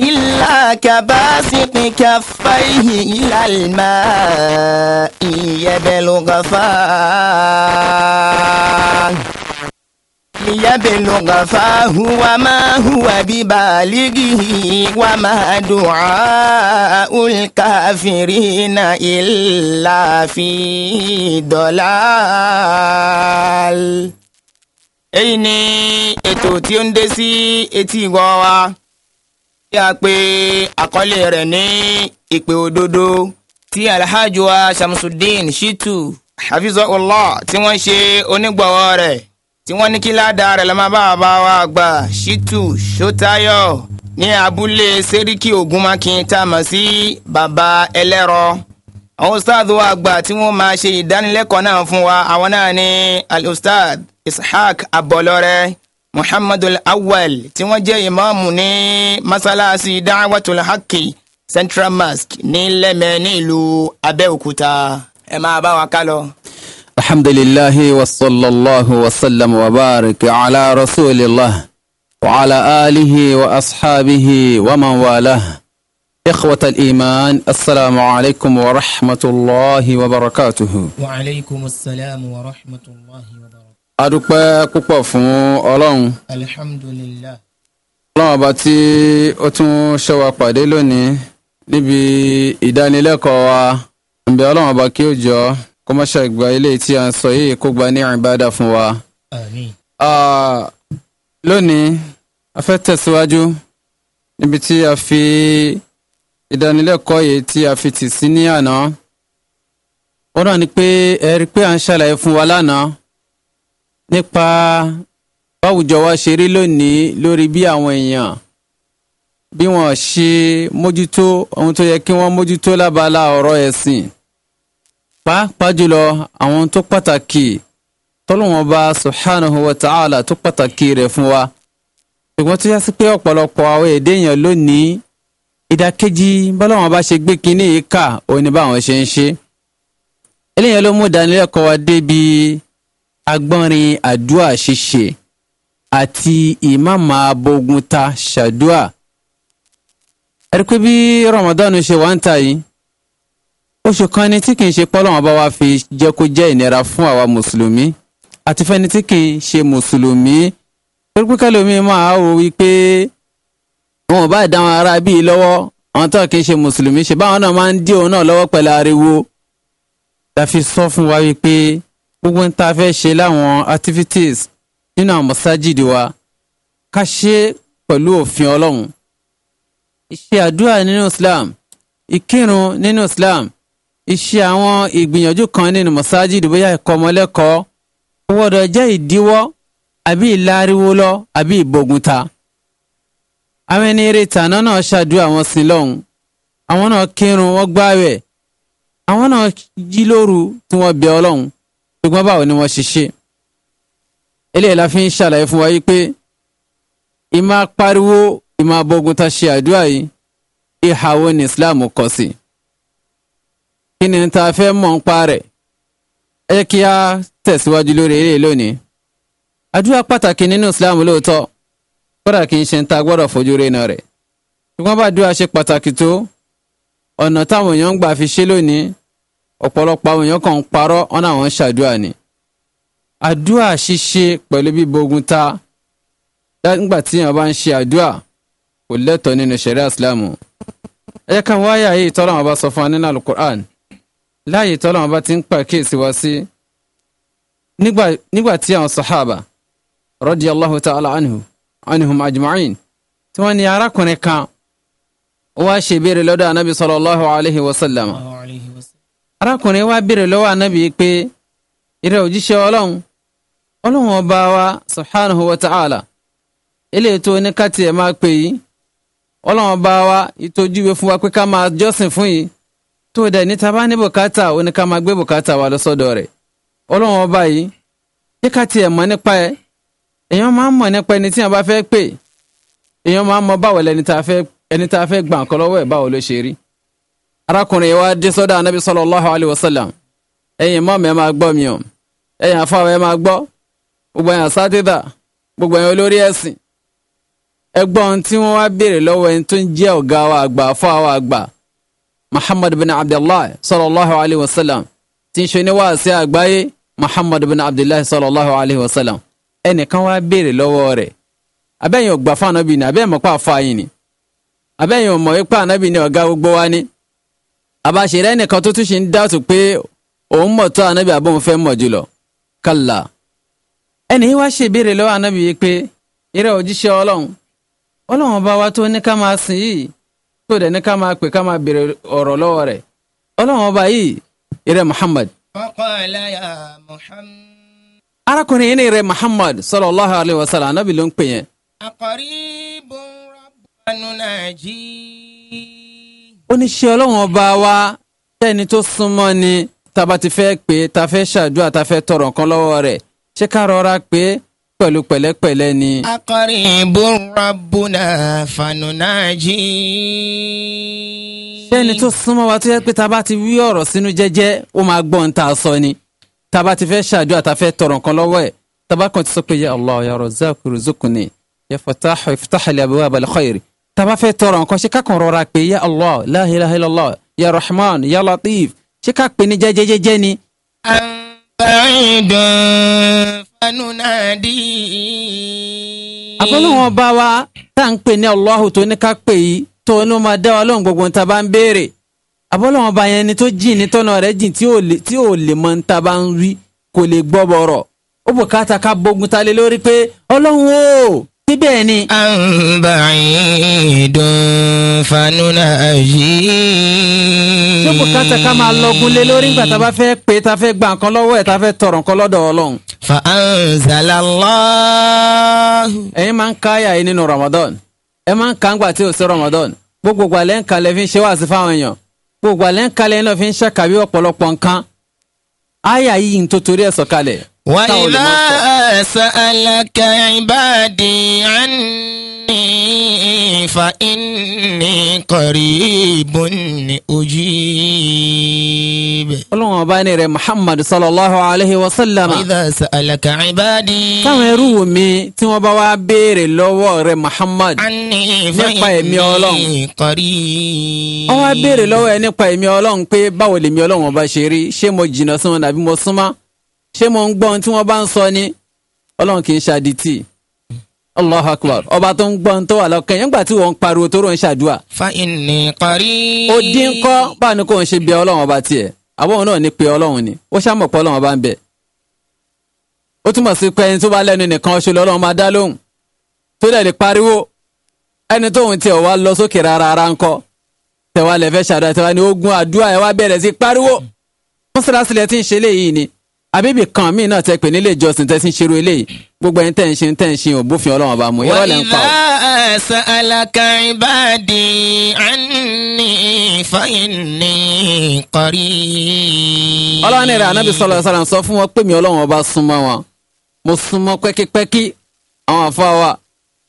إلا كباسط كفيه إلى الماء يبلغ فاه ليبلغ فاه وما هو ببالغه وما دعاء الكافرين إلا في ضلال إني ni ètò tí ó tí a pè àkọlé rẹ̀ ní ìpè òdodo tí alhaji wa shitu hafizahullah tí wọ́n ṣe onígbọ̀wọ́ rẹ̀ tí wọ́n ní kí ládàá rẹ̀ lọ́mọ bá bá wa gbà shitu sotayo ní abúlé seriki ogunmakin tá a mọ̀ sí baba ẹlẹ́rọ àwọn ustaad wa àgbà tí wọ́n máa ṣe ìdánilẹ́kọ̀ọ́ náà fún wa àwọn náà ní alustad ishaq abọlọrẹ محمد الأول تواجه إمام ني مسلا سي دعوة الحق سنترال ماسك ني لمنيلو أبيوكوتا إما باوكالو الحمد لله وصلى الله وسلم وبارك على رسول الله وعلى آله وأصحابه ومن والاه إخوة الإيمان السلام عليكم ورحمة الله وبركاته وعليكم السلام ورحمة الله وبركاته adúpẹ́ púpọ̀ fún ọlọ́run. alihamudulilayi. ọlọ́run ọba tí ó tún ṣe wa pàdé lónìí níbi ìdánilẹ́kọ̀ọ́ wa ǹbẹ̀ ọlọ́run ọba kí ó jọ kó má ṣe gba eléyìí tí a ń sọ yìí kó gba ní ìbádà fún wa. lónìí a fẹ́ tẹ̀síwájú níbi tí a fi ìdánilẹ́kọ̀ọ́ yìí tí a fi tì sí ní àná. ó náà ni pé ẹ pé à ń ṣàlàyé fún wa lánàá nípa báwùjọ wa ṣe rí lónìí lórí bí àwọn èèyàn bí wọ́n ṣe mójútó ohun tó yẹ kí wọ́n mójútó lábala ọ̀rọ̀ ẹ̀sìn pàápàá jùlọ àwọn tó pàtàkì tọ́lọ́wọ́n bá subhanahu wa ta'ala tó pàtàkì rẹ̀ fún wa ṣùgbọ́n tó yá sí pé ọ̀pọ̀lọpọ̀ àwọn èdè èèyàn lónìí ìdàkejì bọ́lọ́wọ́n bá ṣe gbé kínní yìí kà òun ni báwọn ṣe ń ṣe eléyìí ló mú ìdánilẹ́kọ̀ọ́ wa débi agbọ́nrin àdúà ṣíṣe àti ìmáàmà abogunta ṣàdúà. ẹ̀rí pé bí Ramadan ṣe wá ń ta yìí oṣù kan ni tí kì í ṣe pọ́lọ́wọ́n bá wa fi jẹ́ kó jẹ́ ìnira fún àwa mùsùlùmí àti fẹ́ni tí kì í ṣe mùsùlùmí torí pé kẹ́lómi máa wò wípé wọn ò bá dá wọn ara bíi lọ́wọ́ àwọn tó kì í ṣe mùsùlùmí ṣe báwọn náà máa ń dí òun náà lọ́wọ́ pẹ̀lú ariwo la fi sọ fún wa wípé gbogbo ń ta fẹ́ ṣe láwọn activities nínú àwọn mọ́sájìdì wa ká ṣe pẹ̀lú òfin ọlọ́run ìṣe àdúrà nínú Islam ìkírun nínú Islam ìṣe àwọn ìgbìyànjú kan nínú mọ́sájìdì bóyá ẹ̀kọ́ ọmọlẹ́kọ̀ọ́ kò gbọ́dọ̀ jẹ́ ìdíwọ́ àbí ìlariwo lọ àbí ìbògùntà àwọn ẹni eré ìtàná náà ṣàdúrà wọn sí lọ́hùn àwọn náà kírun wọ́n gbáwẹ̀ àwọn náà jí lóru tí wọ́n bẹ ọlọ́run ṣùgbọ́n báwo ni wọ́n ṣe ṣe eléyìí la fi ń ṣàlàyé fún wa yìí pé ìmá pariwo ìmá bọ́gun ta ṣe àdúrà yìí ìhàwọ́ ní Islam kọ sí kí ni ta fẹ́ mọ̀ ń pa rẹ̀ ẹ jẹ́ kí a tẹ̀síwájú lórí eléyìí lónìí àdúrà pàtàkì nínú Islam lóòótọ́ kódà kì í ṣe ń ta gbọ́dọ̀ fojú rẹ́nà rẹ̀ ṣùgbọ́n bá àdúrà ṣe pàtàkì tó ọ̀nà táwọn èèyàn ń gbà fi ṣe lónìí ọ̀pọ̀lọpọ̀ àwọn èèyàn kan ń parọ́ wọn náà wọ́n ń ṣàdúrà ni àdúrà ṣíṣe pẹ̀lú bíbogun ta nígbà tí èèyàn bá ń ṣe àdúrà kò lẹ́tọ̀ọ́ nínú ṣẹ̀ríà ìsìlámù ẹ jẹ́ ká wá àyà yìí tọ́lọ́wọ́n bá sọ fún wa nínú alukur'an láàyè tọ́lọ́wọ́n bá ti ń pàkíyèsí wa sí nígbà tí àwọn sàhábà radiyallahu ta'ala anhu anhum ajma'in tí wọ́n ní arákùnrin kan ó wá ṣèbéèrè lọ́dọ̀ anábì sallallahu alayhi wa sallam arákùnrin wa béèrè lọ́wọ́ anábì pé ìrẹ òjíṣẹ́ ọlọ́run ọlọ́run ọba wa subhanahu wa ta'ala eléyìí tó ní káàtì ẹ̀ máa pè yìí ọlọ́run ọba wa ìtòjúwe fún wa pé ká máa jọ́sìn fún yìí tó dẹ̀ níta bá ní bùkátà ó ní ká máa gbé bùkátà wa lọ sọ́dọ̀ rẹ̀ ọlọ́run ọba yìí ní káàtì ẹ̀ mọ̀ nípa ẹ̀ èèyàn máa ń mọ̀ nípa ẹni tí wọ́n bá fẹ́ pè èèyàn máa ń mọ̀ arákùnrin wa dé sọ́dọ̀ anabi sallallahu alayhi wa sallam ẹ̀yin mọ́ mi ẹ máa gbọ́ mi o ẹ̀yin afáwọ̀ ẹ máa gbọ́ gbogbo ẹ̀yin asátidà gbogbo ẹ̀yin olórí ẹ̀sìn ẹ gbọ́ ohun tí wọ́n wá béèrè lọ́wọ́ ẹni tó ń jẹ́ ọ̀gá wa àgbà afáwọ̀ àgbà muhammad bin abdullahi sallallahu alayhi wa sallam tí ń ṣe oníwàásí àgbáyé muhammad bin abdullahi sallallahu alayhi wa sallam ẹnìkan wá béèrè lọ́wọ́ rẹ̀ abẹ́yìn ọ̀gbà fáwọn ọ̀nàbì ni abẹ́yìn mọ̀pá fáyìn ni àbáṣeré ẹnìkan tó tún ṣe ń dáàtò pé òun mọ̀ tó ànábì àbóhun fẹ́ mọ̀ jùlọ kàlà ẹnì wá ṣèbéèrè lọ́wọ́ ànábì yìí pé ìrẹ́ òjíṣẹ́ ọlọ́run ọlọ́run bá wa tó ní ká máa sìn yìí tó dẹ̀ ní ká máa pè ká máa ọ̀rọ̀ lọ́wọ́ rẹ̀ ọlọ́run bá yìí Muhammad. arákùnrin yìí ni ìrẹ́ Muhammad sallallahu alayhi wa sallam ànábì ló ń pè yẹn. àkọ́rí ó ní ṣe ọlọ́run ọba wa tẹ́ni tó súnmọ́ ni tá ti fẹ́ pé tá ṣàdúrà tá tọrọ nǹkan lọ́wọ́ rẹ̀ ṣé ká rọra pé pẹ̀lú pẹ̀lẹ́pẹ̀lẹ́ ni. aqribur rabbuna fanunaji. ṣẹ́ni tó súnmọ́ wa tó yẹ pé tá ti wí ọ̀rọ̀ sínú jẹ́jẹ́ ó máa gbọ́ ń tà sọ ni tá ti fẹ́ ṣàdúrà tá tọrọ nǹkan lọ́wọ́ ẹ̀ tá ti sọ pé ya Allah ya Razzaq ruzukuni ya Fattah iftah li abwab al khair taba fẹ́ tọrọ nǹkan ṣe ká kàn rọra pé ya allah la ilaha illallah ya rahman ya latif ṣe ká pè ní jẹ́jẹ́jẹ́jẹ́ ni. àbáyọ̀dàn fanunadi. àfọlùwọ̀n bá wa tá à ń pè ní allahu tó ní ká pè yìí tó ní ó máa dá wa lóhùn gbogbo nta bá ń béèrè àbọ̀lọ́wọ̀n bá yẹn ni tó jìn ní tọ́nà rẹ̀ jìn tí ò lè mọ nta bá ń rí kò lè gbọ́ bọ̀rọ̀ ó bùkátà ká bógun ta lé lórí pé ọlọ́run o síbẹ̀ ni. à ń bá ìdùn fanúnà yìí. ṣé bùkátà ká máa lọgun lé lórí nígbà tá a bá fẹ́ pé tá a fẹ́ gba nǹkan lọ́wọ́ ẹ̀ tá a fẹ́ tọrọ nǹkan lọ́dọ̀ ọlọ́run. fa anzalallah. ẹ̀yin máa ń ka àyà yìí nínú Ramadan ẹ máa ń ka ńgbà tí ò sí Ramadan gbogbo àlẹ́ ń kalẹ̀ fi ń ṣe wáàsí fáwọn èèyàn gbogbo àlẹ́ ń kalẹ̀ náà fi ń ṣàkàwé ọ̀pọ̀lọpọ̀ nǹkan àyà yìí ń tó torí ẹ̀ sọ̀kalẹ̀. وإذا سألك عبادي عني فإني قريب أجيب ọlọ́run ọba ní rẹ̀ muhammad sallallahu alayhi wa sallam. وإذا سألك عبادي. táwọn ẹrú mi tí wọ́n bá wá béèrè lọ́wọ́ rẹ̀ muhammad. عني فإني قريب. ó wá béèrè lọ́wọ́ ẹ nípa ẹ̀mí ọlọ́run pé báwo lèmi ọlọ́run ọba ṣe rí ṣé mo jìnnà sí wọn àbí mo súnmọ́ ṣé mo ń gbọ́ ohun tí wọ́n bá ń sọ ni ọlọ́run kì í ṣàdìtì allah akbar ọba tó ń gbọ́ ohun tó wà lọ́kàn yẹn gbà tí wọ́n ń pariwo tó rò ń ṣàdúà. fa inni qareeb. ó dín kọ́ báwo ni kò ń ṣe bí ọlọ́run ọba tiẹ̀ àbọ̀wọ̀n náà ní pé ọlọ́run ni ó ṣàmọ̀ pé ọlọ́run ọba ń bẹ̀. ó túmọ̀ sí pé ẹni tó bá lẹ́nu nìkan ṣe lọ́lọ́run máa dá lóhùn tó dẹ̀ lè pariwo ẹni tóun tiẹ̀ wá lọ sókè rárá ara ń kọ́ tẹ̀wá lẹ̀ fẹ́ ṣàdúrà tẹ̀wá ni ogun àdúrà ẹ̀ wá bẹ̀rẹ̀ sí pariwo fún sílásílẹ̀ tí ń ṣe léyìí ni àbíbì kan míì náà tẹ pé nílé ìjọsìn tẹ sí ṣerú eléyìí gbogbo ẹni tẹ́ ń ṣe tẹ́ ń ṣe òbófin ọlọ́run bá mu irọ́ lẹ́ ń pa o. wàhálà sàlàkà ìbàdí àní fàyínní kọrí. ọlọ́run rẹ̀ anábì sọ̀rọ̀ sọ̀rọ̀ sọ fún wọn pé mi ọlọ́run ọba súnmọ́ wọn mo súnmọ́ pẹ́kípẹ́kí àwọn àfa wa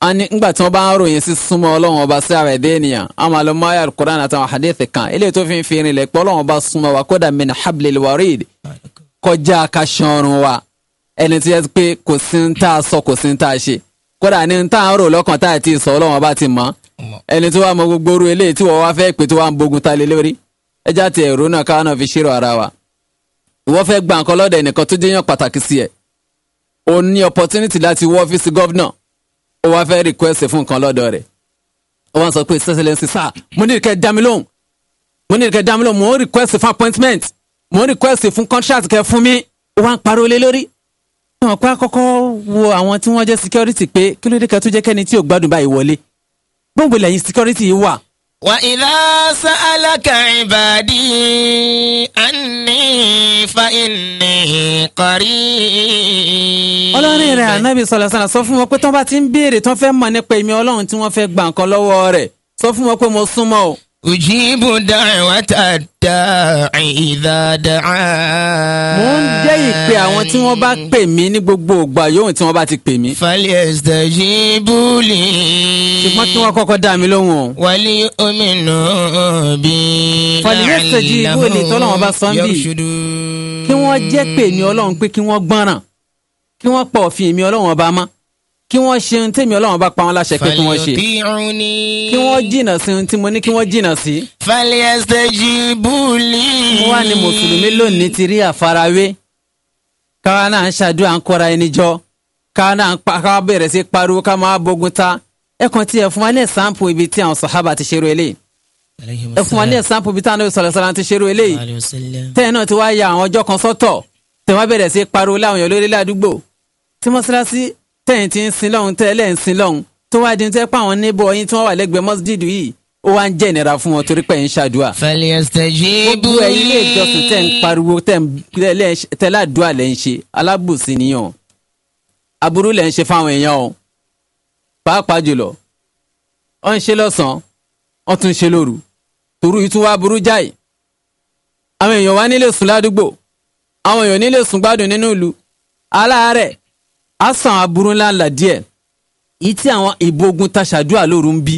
a ní tí wọ́n bá ń ròyìn sí súnmọ́ ọlọ́run ọba sí ara ẹ̀dẹ́ ènìyàn àmọ́ àlọ́ máyà al àtàwọn hadith kan eléyìí tó fi ń fi irin lẹ̀ pé ọlọ́run ọba súnmọ́ wa kódà min hablil warid kọjá ka ṣan ọrùn wa ẹni tí yẹ pé kò sí ń tá a sọ kò sí ń tá a ṣe kódà ní ń tá a ń rò lọ́kàn tá a ti sọ ọlọ́wọ́n bá ti mọ̀ ẹni tí wàá mọ gbogbo orú eléyìí tí wọ́n wá fẹ́ pé tí wàá ń bogun ta lé lórí ẹjá ti ẹ̀rú náà káwọn náà fi ṣírò ara wa ìwọ fẹ́ gba nǹkan lọ́dọ̀ ẹnìkan tó jẹ́yàn pàtàkì sí ẹ̀ o ní opportunity láti wọ ọ́fíìsì gọ́vnà o wá fẹ́ request fún nǹkan lọ́dọ̀ rẹ̀ o wá sọ pé sẹ́sẹ̀lẹ́sì sáà mo ní ìkẹ́ dámi lóhùn mo ní ìkẹ́ dámi lóhùn mo ń request fún appointment mo ń request fún contract kẹ fún mi ó wá ń pariwo lé lórí. wọn pa kọ́kọ́ wo àwọn tí wọ́n jẹ́ security pé kí ló dé kẹ́ tó jẹ́ kẹ́ni tí ò gbádùn báyìí wọlé. gbòǹgbò lẹ́yìn security yìí wà. wa idha sa'alaka ibadi anni fa inni qarib. ọlọ́run rẹ̀ ànábì sọ̀rọ̀ sọ̀rọ̀ sọ fún wọn pé tán bá ti ń béèrè tán fẹ́ mọ̀ nípa èmi ọlọ́run tí wọ́n fẹ́ gbà nǹkan lọ́wọ́ rẹ̀ sọ fún wọn pé mo súnmọ́ o ujibu da'wata da'i idha da'an. mo ń jẹ́ ìpè àwọn tí wọ́n bá pè mí ní gbogbo ògbà yòówù tí wọ́n bá ti pè mí. falyastajibu li. ṣùgbọ́n tí wọ́n kọ́kọ́ dá mi lóhùn o. wal yu'minu bi. falyastajibu li tọ́lọ́wọ́n bá sọ́n bì. kí wọ́n jẹ́ pè mí ọlọ́run pé kí wọ́n gbọ́ràn kí wọ́n pa òfin mi ọlọ́run ọba mọ́ kí wọ́n ṣe ohun tèmi ọlọ́run bá pa wọn láṣẹ pé kí wọ́n ṣe kí wọ́n jìnnà sí ohun tí mo ní kí wọ́n jìnnà sí. falyastajibu li. mo wà ní mùsùlùmí lónìí ti rí àfarawé káwa náà ń ṣàdúrà ń kóra ẹni jọ káwa náà ń káwa bẹ̀rẹ̀ sí pariwo ká máa bógun ta ẹ kàn tiẹ̀ fún wa ní ẹ̀sánpù ibi tí àwọn sàhábà ti ṣerú eléyìí ẹ fún wa ní ẹ̀sánpù ibi tí àwọn ya àwọn ọjọ́ kan sọ́tọ̀ tẹ́wọ́n bẹ̀rẹ̀ sí pariwo láwọn tẹ́yìn tí ń sin lọ́hún tẹ́lẹ̀ ń sin lọ́hún tó wá di ń tẹ́ pa àwọn níbọ̀ yín tí wọ́n wà lẹ́gbẹ̀ẹ́ mọ́sídìdì yìí ó wá ń jẹ́ ìnira fún wọn torí pé ń ṣàdúà. gbogbo ẹ̀yin ilé ìjọsìn tẹ́ ń pariwo tẹ́ ládùúà lẹ́ ń ṣe alábùsí nìyàn aburú lẹ́ ń ṣe fáwọn èèyàn o pàápàá jùlọ ọ ń ṣe lọ́sàn-án ọ tún ṣe lóru toru yìí tún wá burú jáì àwọn èèyàn wá nílé sùn ládùúgbò àwọn èèyàn nílé sùn gbádùn nínú ìlú aláàárẹ̀ á sàn aburú ńlá là díẹ̀ yìí tí àwọn ìbògun ta ṣàdúrà lóru ń bí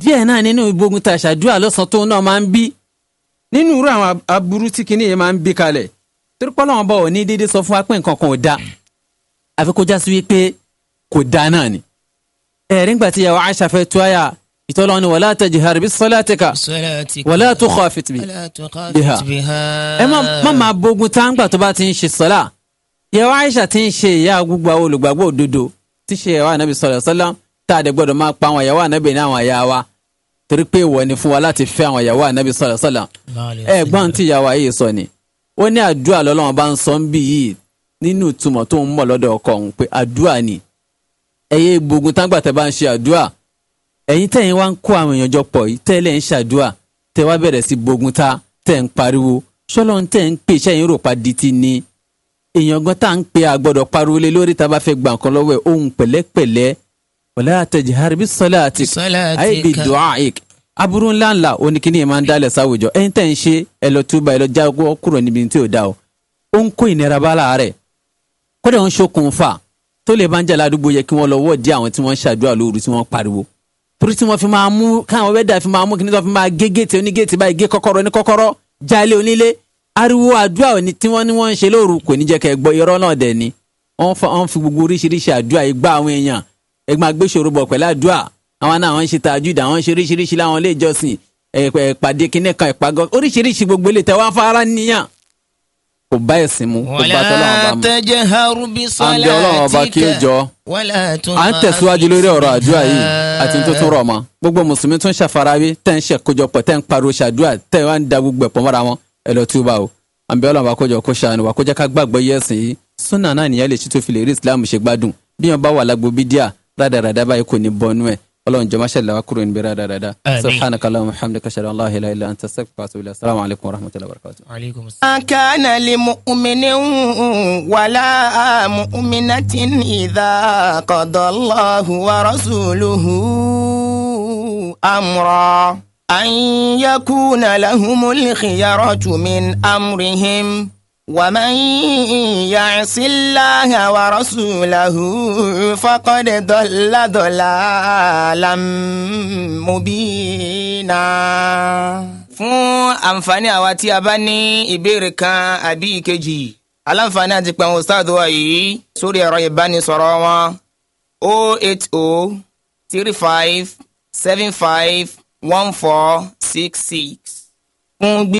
díẹ̀ náà nínú ìbògun ta ṣàdúrà lọ́sàn tó náà máa ń bí nínú irú àwọn aburú tí kinní yẹn máa ń bí kalẹ̀ torí pé bá ò ní déédéé sọ fún wa pé ò da àfi kó já sí wípé kò da náà ni ẹ̀rí ńgbà tí ìyàwó Aisha fẹ́ tú àyà ìtọ́lọ́ ni wàlá tẹ̀jì ha rìbí sọ́látìkà wàlá tó kọ́ àfitìbí ẹ má máa bógun tá ń gbà tó bá ti ń ṣe sọ́lá yẹwà aisha ti ń ṣe ìyá gbogbo àwọn olùgbàgbọ́ òdodo ti ṣe ìyàwó ànábì sọ̀rọ̀ sọ́lá tá a dẹ̀ gbọ́dọ̀ máa pa àwọn ìyàwó ànábì ní àwọn àyà wa torí pé ìwọ ni fún wa láti fẹ́ àwọn ìyàwó ànábì sọ̀rọ̀ sọ́lá ẹ̀gbọ́n tí ìyàwó ayé sọ ni ó ní àdúrà lọ́lọ́run bá ń sọ ń bì yìí nínú ìtumọ̀ tó ń mọ̀ lọ́dọ̀ ọkọ òun pé àdúrà ni ẹ̀yẹ ìgbógun tágbà tẹ́ bá ń ṣe àdúrà ẹ̀yin tẹ́yin wá ń kó àwọn èèyàn jọ pọ̀ yìí tẹ́lẹ̀ ń ṣàdúrà tẹ́ wá bẹ̀rẹ̀ sí gbógun ni èèyàn gan tá à ń pe àgbọ̀dọ̀ pariwo lé lórí tá a bá fẹ́ gbà nǹkan lọ́wọ́ ẹ̀ ohun pẹ̀lẹ́pẹ̀lẹ́ wala tajhar bis salati ay bi du'aik aburú ńlá ńlá oníkíní yẹn máa ń dálẹ̀ sáwùjọ ẹ̀yin tẹ̀ ń ṣe ẹ lọ túbà ẹ lọ jágọ́ kúrò níbi tí ò dá o ó ń kó ìnira bá láàárẹ̀ kódà ń ṣokùnfà tó lè bá ń jà ládùúgbò yẹ kí wọ́n lọ wọ́ọ̀dí àwọn tí wọ́n ń ṣàdúrà lóru tí wọ́n pariwo torí tí wọ́n fi máa mú káwọn wẹ́dà fi máa mú kíní tó fi máa gé géètì onígéètì báyìí gé kọ́kọ́rọ́ ní kọ́kọ́rọ́ já ilé onílé ariwo àdúrà ni tí wọ́n ní wọ́n ń ṣe lóru kò ní jẹ́ kẹ́ gbọ́ irọ́ náà dẹ̀ ni wọ́n fi gbogbo oríṣiríṣi àdúrà igba àwọn èèyàn ẹgbẹ́ agbésòro bọ̀ pẹ̀lú àdúrà àwọn náà wọ́n ń ṣe tajúdà àwọn ń ṣe oríṣiríṣi láwọn ilé ìjọsìn ìpàdé kínní kan ìpàgọ́ oríṣiríṣi gbogbo ilé tẹ wá fara níyàn kò bá ẹ̀sìn mu kò bá tọ́lọ́wọ́n bá mu àǹbí ọlọ́wọ́n bá kí ó jọ à ń tẹ̀síwájú lórí ọ̀rọ̀ àdúrà yìí àti tó tún gbogbo mùsùlùmí tún ṣàfarawé tẹ́ ń ṣèkójọpọ̀ tẹ́ ń pariwo ṣàdúrà tẹ́ ń da gbogbo ẹ̀pọ̀ mọ́ra wọn ẹ lọ túbà o àbíọ́lá wa kó jọ kó ṣàánú wa kó jẹ́ ká gbàgbọ́ yẹ ẹ̀sìn yìí súnà náà nìyẹn lè ṣí tó fi lè rí islam ṣe gbádùn bí wọn bá wà lágbo bídíà rádaràdà báyìí kò ní bọnú ẹ ọlọ́run jọ máṣẹ́ làwa kúrò níbi rádaràdà subhanaka allahumma hamdaka ashhadu an la ilaha illa anta astaghfiruka wa atubu ilayk alaykum wa rahmatullahi wa barakatuh. ma li mu'minin wala mu'minatin idha qada wa rasuluhu amra. أن يكون لهم الخيرة من أمرهم ومن يعص الله ورسوله فقد ضل ضلالا مبينا fún àǹfààní àwa tí a bá ní ìbéèrè kan àbí ìkejì aláǹfààní àti pẹ̀wọ̀n ustaadu wa yìí sórí ẹ̀rọ ìbánisọ̀rọ̀ wọn 080 35 75 one four six six fún gbí.